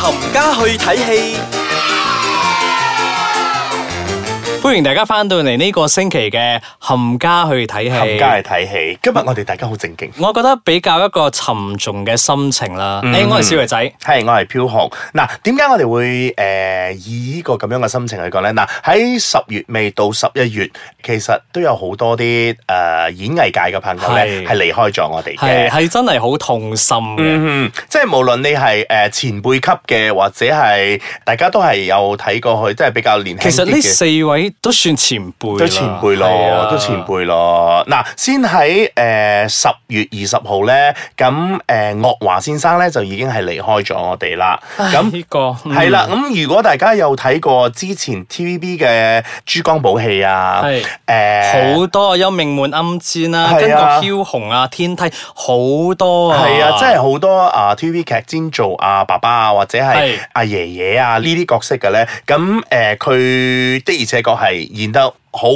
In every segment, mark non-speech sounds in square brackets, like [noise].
冚家去睇戲。歡迎大家翻到嚟呢個星期嘅冚家去睇戲。冚家去睇戲，今日我哋大家好正經。我覺得比較一個沉重嘅心情啦。誒、嗯哎，我係小肥仔，係我係飄紅。嗱、啊，點解我哋會誒、呃、以呢個咁樣嘅心情去講咧？嗱、啊，喺十月尾到十一月，其實都有好多啲誒、呃、演藝界嘅朋友咧係離開咗我哋嘅，係真係好痛心嘅、嗯。即係無論你係誒前輩級嘅，或者係大家都係有睇過去，即係比較年輕。其實呢四位。都算前輩都前輩咯，都前輩咯。嗱、啊，先喺誒十月二十號咧，咁誒、呃、岳華先生咧就已經係離開咗我哋啦。咁呢、這個係啦，咁、嗯、如果大家有睇過之前 TVB 嘅《珠光寶氣啊，誒好、呃、多有命啊《幽冥門暗戰啊巾國梟雄》啊，《天梯》好多啊，係啊，真係好多啊，啊，啊 TVB 劇兼做啊爸爸啊或者係阿爺爺啊呢啲、啊、角色嘅咧。咁誒佢的而且確。係演得好，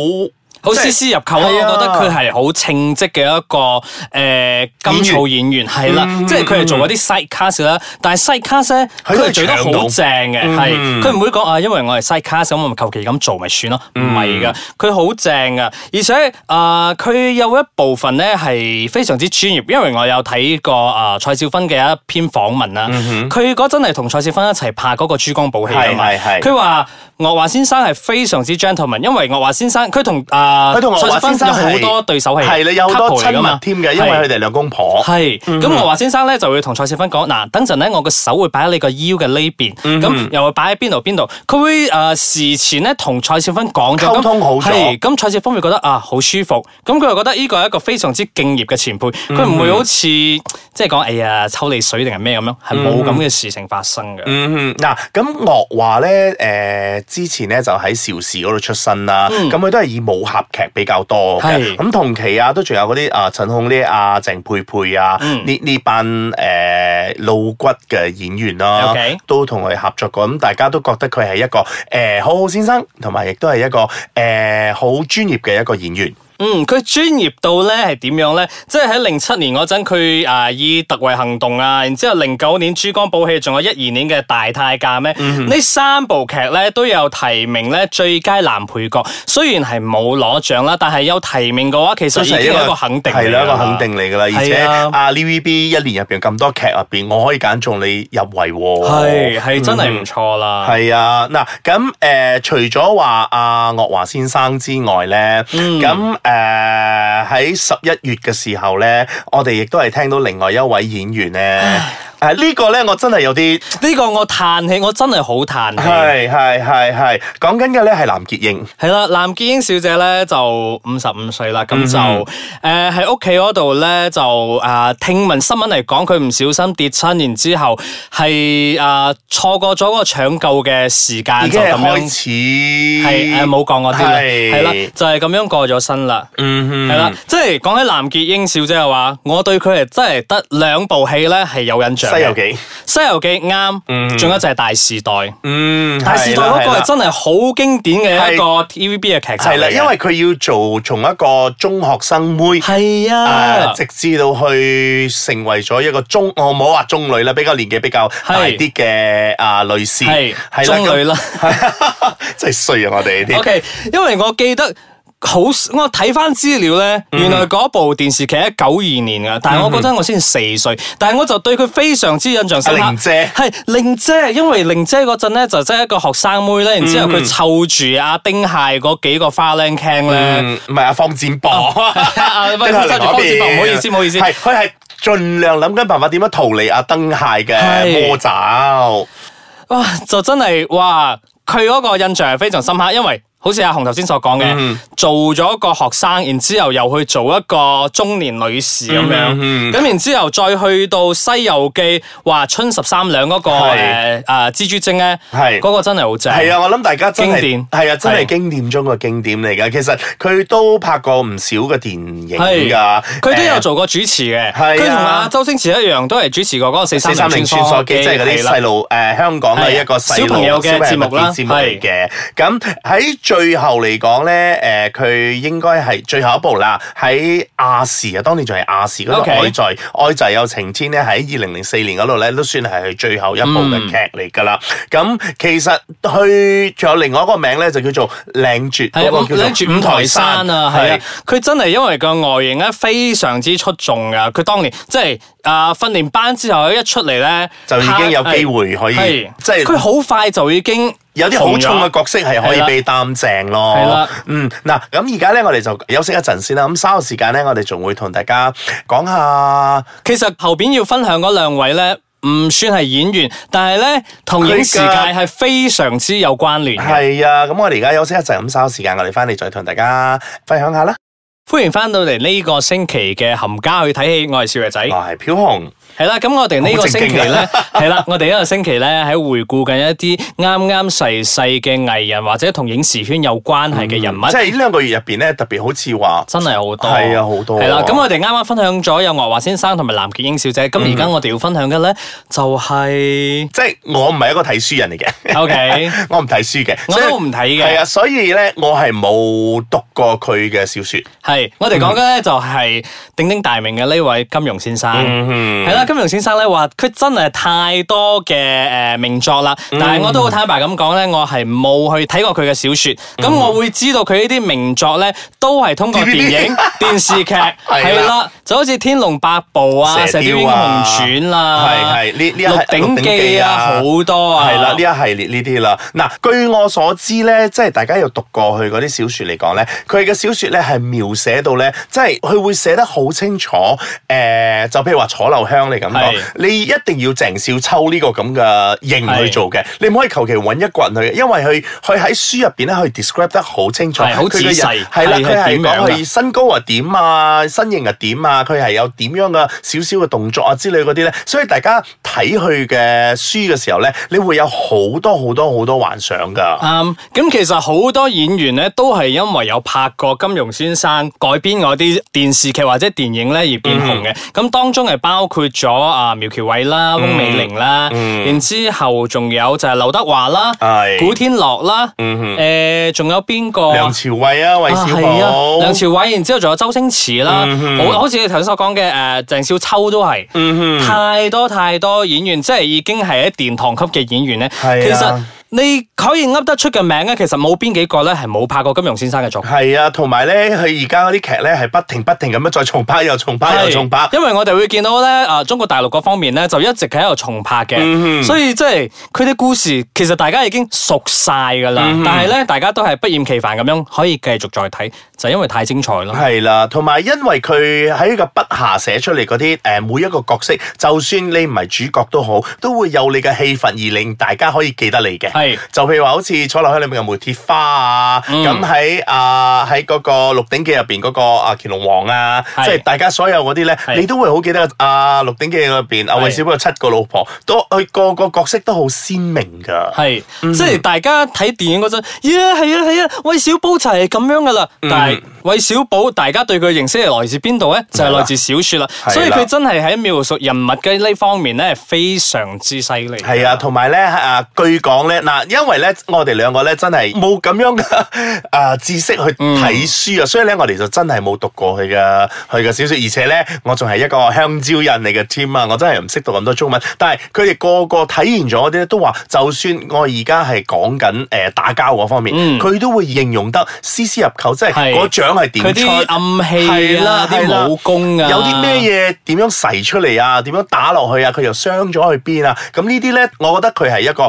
好絲絲入扣、啊、我覺得佢係好稱職嘅一個誒，甘、呃、草演員係啦，即係佢係做嗰啲 side cast 啦。但係 side cast 咧，佢係做得好正嘅，係佢唔會講啊，因為我係 side cast，咁我咪求其咁做咪算咯，唔係噶，佢好正噶，而且啊，佢、呃、有一部分咧係非常之專業，因為我有睇過啊、呃、蔡少芬嘅一篇訪問啦，佢嗰陣係同蔡少芬一齊拍嗰個珠寶《珠光寶氣》係係，佢話。他說岳華先生係非常之 gentleman，因為岳華先生佢同啊，佢同蔡少芬好多對手戲，係你有好多親密添嘅，因為佢哋兩公婆。係，咁岳華先生咧就會同蔡少芬講，嗱，等陣咧我個手會擺喺你個腰嘅呢邊，咁、嗯、又會擺喺邊度邊度。佢會誒事、呃、前咧同蔡少芬講咗，溝通好咗，咁蔡少芬會覺得啊好舒服，咁佢又覺得呢個係一個非常之敬業嘅前輩，佢、嗯、唔會好似即係講哎呀抽你水定係咩咁樣，係冇咁嘅事情發生嘅。嗱、嗯啊，咁岳華咧誒。呃之前咧就喺邵氏嗰度出身啦，咁、嗯、佢都係以武俠劇比較多，咁同期啊都仲有嗰啲、呃、啊陳浩啲啊鄭佩佩啊呢呢、嗯、班老、呃、骨嘅演員啦、啊，okay. 都同佢合作過，咁、嗯、大家都覺得佢係一個、呃、好好先生，同埋亦都係一個好專、呃、業嘅一個演員。嗯，佢專業到咧係點樣咧？即係喺零七年嗰陣，佢誒、啊、以特惠行動啊，然之後零九年珠光寶氣，仲有一二年嘅大太監咩？呢三部劇咧都有提名咧最佳男配角，雖然係冇攞獎啦，但係有提名嘅話，其實已經係一個肯定，係兩個肯定嚟噶啦。而且阿 TVB 一年入邊咁多劇入邊，我可以揀中你入圍，係係真係唔錯啦。係啊，嗱咁誒，除咗話阿岳華先生之外咧，咁、嗯、誒。誒，喺十一月嘅時候呢，我哋亦都係聽到另外一位演員呢。誒、啊，呢、這個咧，我真係有啲，呢、這個我嘆氣，我真係好嘆氣，係係係係，講緊嘅咧係藍潔瑛係啦，藍潔瑛小姐咧就五十五歲啦，咁就誒喺屋企嗰度咧就誒、呃、聽聞新聞嚟講，佢唔小心跌親，然之後係誒錯過咗個搶救嘅時間，就咁樣，係誒冇講嗰啲啦，係、呃、啦，就係、是、咁樣過咗身啦，嗯，係啦，即係講起藍潔瑛小姐嘅話，我對佢係真係得兩部戲咧係有印象。《西遊記》西遊記啱，嗯，仲有一隻係《大時代》，嗯，《大時代》嗰個係真係好經典嘅一個 TVB 嘅劇集嚟。因為佢要做從一個中學生妹，係啊，啊，直至到去成為咗一個中，我唔好話中女啦，比較年紀比較大啲嘅啊女士，係中女啦， [laughs] 我真係衰啊！我哋呢啲，OK，因為我記得。好，我睇翻資料咧、嗯，原來嗰部電視劇喺九二年嘅、嗯，但係我嗰陣我先四歲，但係我就對佢非常之印象深刻。係、啊、玲姐，姐，因為玲姐嗰陣咧就真係一個學生妹咧、嗯，然之後佢湊住阿丁蟹嗰幾個花靚 Ken 咧，唔係阿方展博，阿、啊、丁、啊啊 [laughs] 啊啊、 [laughs] 方展博，唔好意思，唔好意思，係佢係盡量諗緊辦法點樣逃離阿丁蟹嘅魔爪。哇，就真係哇，佢嗰個印象係非常深刻，因為。好似阿紅頭先所講嘅，做咗個學生，然之後又去做一個中年女士咁樣，咁然之後再去到《西遊記》話春十三兩嗰個誒啊蜘蛛精咧，係嗰個真係好正，係啊！我諗大家真係經典係啊，真係經典中嘅經典嚟噶。其實佢都拍過唔少嘅電影噶，佢都有做過主持嘅。佢同阿周星馳一樣，都係主持過嗰個四三零穿梭機，即係嗰啲細路誒香港嘅一個細小朋友嘅節目啦，係嘅。咁喺最最後嚟講呢，誒、呃，佢應該係最後一部啦。喺亞視啊，當年仲係亞視嗰度，愛在，愛、okay. 在有晴天呢喺二零零四年嗰度呢，都算係佢最後一部嘅劇嚟噶啦。咁、嗯、其實佢仲有另外一個名呢，就叫做靚絕嗰、那個那個叫做靚絕五台五台山啊，係啊，佢真係因為個外形呢，非常之出眾噶。佢當年即係啊，訓、呃、練班之後一出嚟呢，就已經有機會可以，即係佢好快就已經。有啲好重嘅角色係可以被擔正咯。嗯，嗱，咁而家咧，我哋就休息一陣先啦，咁稍後時間咧我哋仲會同大家講下，其實後邊要分享嗰兩位咧唔算係演員，但係咧同影視界係非常之有關聯嘅，係啊，咁我哋而家休息一陣，咁稍後時間我哋翻嚟再同大家分享下啦。歡迎翻到嚟呢個星期嘅冚家去睇戲，我係小月仔，我係飄紅。係啦，咁我哋呢個星期咧，係啦，我哋呢個星期咧喺回顧緊一啲啱啱逝世嘅藝人或者同影視圈有關係嘅人物，即係呢兩個月入邊咧，特別好似話真係好多，係啊好多。係啦，咁我哋啱啱分享咗有岳華先生同埋藍潔瑛小姐，咁而家我哋要分享嘅咧就係，即係我唔係一個睇書人嚟嘅，OK，我唔睇書嘅，我都唔睇嘅，係啊，所以咧我係冇讀過佢嘅小說。係，我哋講嘅咧就係鼎鼎大名嘅呢位金庸先生，係啦。金庸先生咧話，佢真係太多嘅誒名作啦，嗯。但係我都好坦白咁講咧，我係冇去睇過佢嘅小説。咁、嗯、我會知道佢呢啲名作咧，都係通過電影、DVD、電視劇係啦。 [laughs] 就好似《天龍八部》啊，《射鵰英雄傳、啊》啦，係係呢呢一鹿鼎記啊，好、啊、多啊，係啦呢一系列呢啲啦。嗱，據我所知咧，即係大家有讀過去嗰啲小説嚟講咧，佢嘅小説咧係描寫到咧，即係佢會寫得好清楚。誒，就譬如話楚留香。係，你一定要鄭少秋呢個咁嘅型去做嘅，你唔可以求其揾一個人去，因為佢佢喺書入邊咧，可以 describe 得好清楚，好仔細，係啦，佢係講佢身高啊點啊，身形啊點啊，佢係有點樣嘅少少嘅動作啊之類嗰啲咧，所以大家睇佢嘅書嘅時候咧，你會有好多好多好多好多幻想㗎。啱，咁其實好多演員咧都係因為有拍過《金庸先生》改編嗰啲電視劇或者電影咧而變紅嘅，咁、mm-hmm。當中係包括咗啊！苗僑偉啦，翁、嗯、美玲啦，嗯、然之後仲有就係劉德華啦，古天樂啦，誒、嗯，仲、呃、有邊個？梁朝偉啊，韋小寶啊，啊梁朝偉，然之後仲有周星馳啦，嗯、好似你頭先所講嘅誒，鄭、呃、少秋都係、嗯，太多太多演員，即係已經係喺殿堂級嘅演員咧、啊。其實你可以噏得出嘅名咧，其實冇邊幾個咧係冇拍過金庸先生嘅作品。係啊，同埋咧，佢而家嗰啲劇咧係不停不停咁樣再重拍，又重拍，又重拍。因為我哋會見到咧，啊，中國大陸嗰方面咧就一直喺度重拍嘅、嗯，所以即係佢啲故事其實大家已經熟晒噶啦。但係咧，大家都係不厭其煩咁樣可以繼續再睇，就是、因為太精彩咯。係啦、啊，同埋因為佢喺個筆下寫出嚟嗰啲誒每一個角色，就算你唔係主角都好，都會有你嘅戲份而令大家可以記得你嘅。就譬如話好似楚留香喺裏面有梅鐵花啊，咁喺啊喺嗰個《鹿鼎記》入邊嗰個啊乾隆王啊，即係大家所有嗰啲咧，你都會好記得、呃、啊《鹿鼎記》入邊啊韋小寶有七個老婆，都佢個個角色都好鮮明噶，係、嗯，即係大家睇電影嗰陣，耶係啊係啊，韋、啊啊、小寶就係咁樣噶啦、嗯，但係。韋小寶，大家對佢認識係來自邊度咧？就係、是、來自小說啦，所以佢真係喺描述人物嘅呢方面咧，非常之犀利。係啊，同埋咧，啊，據講咧，嗱、啊，因為咧，我哋兩個咧真係冇咁樣嘅啊知識去睇書啊、嗯，所以咧，我哋就真係冇讀過佢嘅佢嘅小說。而且咧，我仲係一個香蕉人嚟嘅添啊，我真係唔識讀咁多中文。但係佢哋個個體現咗啲咧，都話就算我而家係講緊誒打交嗰方面，佢、嗯、都會形容得絲絲入扣，即係掌。佢啲暗器，係啦，啲武功有啲咩嘢啊，有啲咩嘢點樣使出嚟啊？點樣打落去啊？佢又傷咗去邊啊？咁呢啲咧，我覺得佢係一個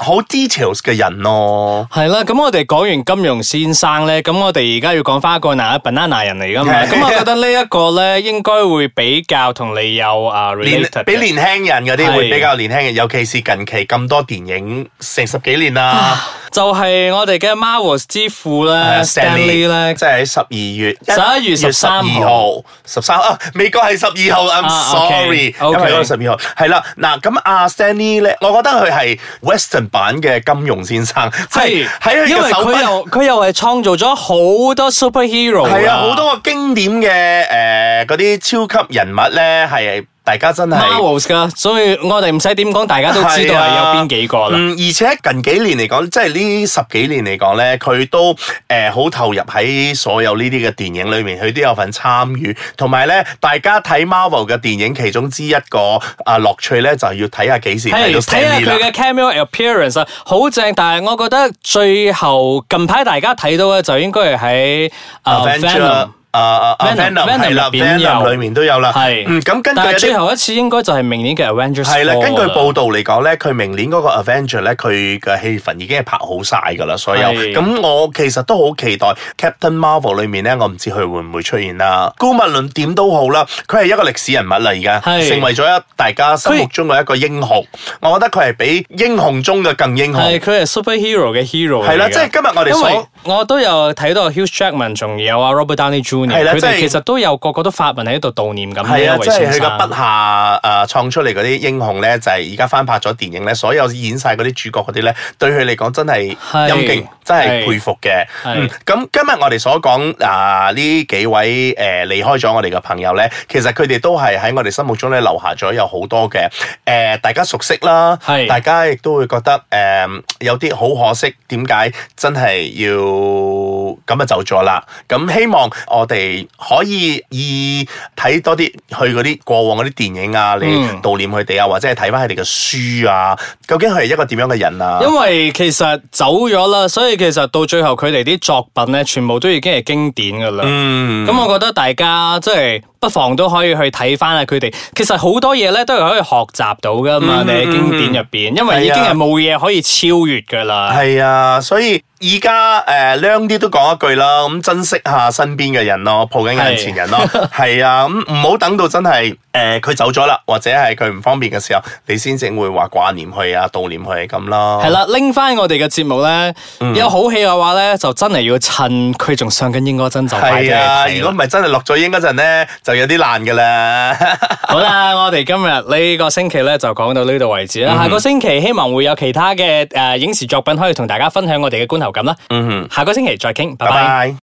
好 details 嘅人咯、哦。係啦，咁我哋講完金庸先生咧，咁我哋而家要講翻一個 banana 人嚟噶嘛。咁 [laughs] 我覺得呢一個咧，應該會比較同你有啊，比年輕人嗰啲會比較年輕人，尤其是近期咁多電影成十幾年啦。 [laughs] 就係我哋嘅 Marvel 之父咧，Stanley 咧，即係喺十。二月十一月十三號，十三啊，美國係十二號，I'm sorry，咁、啊 okay, okay. 今日都係十二號，係啦，嗱咁啊，Stanley 咧，我覺得佢係 Western 版嘅金庸先生，即係喺佢嘅手筆，因為佢又，佢又係創造咗好多 superhero，係啊，好多個經典嘅誒嗰啲超級人物咧係。是大家真係 Marvel 㗎，所以我哋唔使點講，大家都知道係有邊幾個啦、啊嗯。而且近幾年嚟講，即係呢十幾年嚟講呢，佢都誒好、呃、投入喺所有呢啲嘅電影裏面，佢都有份參與。同埋呢，大家睇 Marvel 嘅電影其中之一個啊樂趣呢，就要睇下幾時睇到 Stan Lee，睇下佢嘅 cameo appearance 啊，好正！但係我覺得最後近排大家睇到嘅，就應該係喺啊。Avengers uh, 啊 v a n g e r a 係 a v a n g e r a 裏面都有啦。係。咁、嗯、根據最後一次應該就係明年嘅 Avengers。係啦，根據報道嚟講咧，佢明年嗰個 Avengers 咧，佢嘅戲份已經係拍好晒噶啦。所有咁我其實都好期待 Captain Marvel 裏面咧，我唔知佢會唔會出現啦。姑勿論點都好啦，佢係一個歷史人物嚟噶，成為咗一大家心目中嘅一個英雄。我覺得佢係比英雄中嘅更英雄。佢係 superhero 嘅 hero 嚟嘅。係啦，即係今日我哋。因我都有睇到 Hugh Jackman，仲有啊 Robert Downey Jr.，佢哋其實都有個個都發文喺度悼念咁嘅一位先生。即係佢個筆下誒創出嚟嗰啲英雄咧，就係而家翻拍咗電影咧，所有演晒嗰啲主角嗰啲咧，對佢嚟講真係欽敬，真係佩服嘅。咁今日我哋所講啊呢幾位誒離開咗我哋嘅朋友咧，其實佢哋都係喺我哋心目中咧留下咗有好多嘅誒大家熟悉啦，係大家亦都會覺得誒有啲好可惜，點解真係要？就咁就走咗啦！咁希望我哋可以以睇多啲，去嗰啲過往嗰啲電影啊，嚟悼念佢哋啊，或者係睇翻佢哋嘅書啊，究竟佢係一個點樣嘅人啊？因為其實走咗啦，所以其實到最後佢哋啲作品咧，全部都已經係經典噶啦。咁、嗯、我覺得大家即係。就是不妨可看看都可以去睇翻啊！佢哋其實好多嘢咧都係可以學習到噶嘛，嗯、你喺經典入邊、啊，因為已經係冇嘢可以超越噶啦。係啊，所以而家誒靚啲都講一句啦，咁珍惜下身邊嘅人咯，抱緊眼前人咯，係啊，咁唔好等到真係誒佢走咗啦，或者係佢唔方便嘅時候，你先至會話掛念佢啊，悼念佢咁囉，係啦，拎翻、啊、我哋嘅節目咧，有好戲嘅話咧，就真係要趁佢仲上緊映嗰陣就買啊，如果唔係真係落咗映嗰陣咧。就有啲爛㗎喇。好啦，我哋今日呢個星期呢就講到呢度為止啦。下個星期希望會有其他嘅影視作品可以同大家分享我哋嘅觀後感啦。嗯，下個星期再傾，拜拜。拜拜。